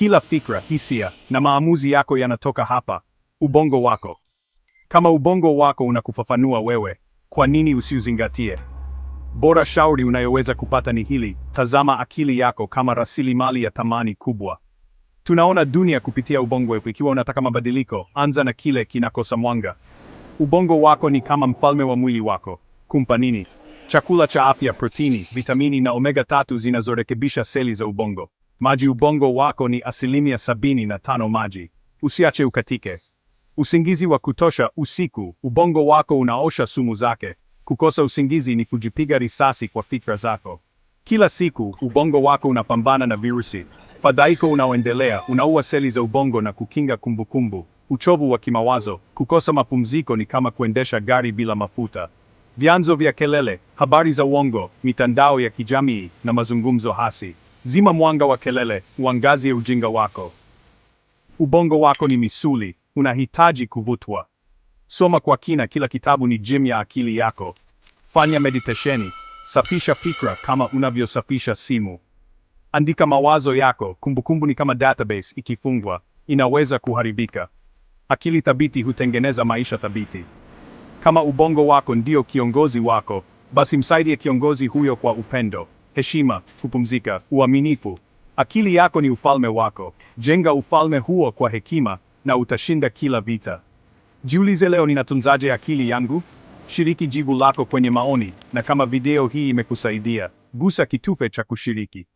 Kila fikra, hisia na maamuzi yako yanatoka hapa, ubongo wako. Kama ubongo wako unakufafanua wewe, kwa nini usiuzingatie? Bora shauri unayoweza kupata ni hili: tazama akili yako kama rasilimali ya thamani kubwa. Tunaona dunia kupitia ubongo wetu. Ikiwa unataka mabadiliko, anza na kile kinakosa mwanga. Ubongo wako ni kama mfalme wa mwili wako. Kumpa nini? Chakula cha afya, protini, vitamini na omega tatu zinazorekebisha seli za ubongo. Maji ubongo wako ni asilimia sabini na tano maji. Usiache ukatike. Usingizi wa kutosha usiku, ubongo wako unaosha sumu zake. Kukosa usingizi ni kujipiga risasi kwa fikra zako. Kila siku ubongo wako unapambana na virusi. Fadhaiko unaoendelea unaua seli za ubongo na kukinga kumbukumbu kumbu. Uchovu wa kimawazo, kukosa mapumziko ni kama kuendesha gari bila mafuta. Vyanzo vya kelele, habari za uongo, mitandao ya kijamii na mazungumzo hasi. Zima mwanga wa kelele, uangazie ujinga wako. Ubongo wako ni misuli, unahitaji kuvutwa. Soma kwa kina, kila kitabu ni gym ya akili yako. Fanya meditesheni, safisha fikra kama unavyosafisha simu. Andika mawazo yako. Kumbukumbu ni kama database, ikifungwa inaweza kuharibika. Akili thabiti hutengeneza maisha thabiti. Kama ubongo wako ndio kiongozi wako, basi msaidie kiongozi huyo kwa upendo heshima, kupumzika, uaminifu. Akili yako ni ufalme wako. Jenga ufalme huo kwa hekima na utashinda kila vita. Jiulize leo, ninatunzaje akili yangu? Shiriki jibu lako kwenye maoni, na kama video hii imekusaidia, gusa kitufe cha kushiriki.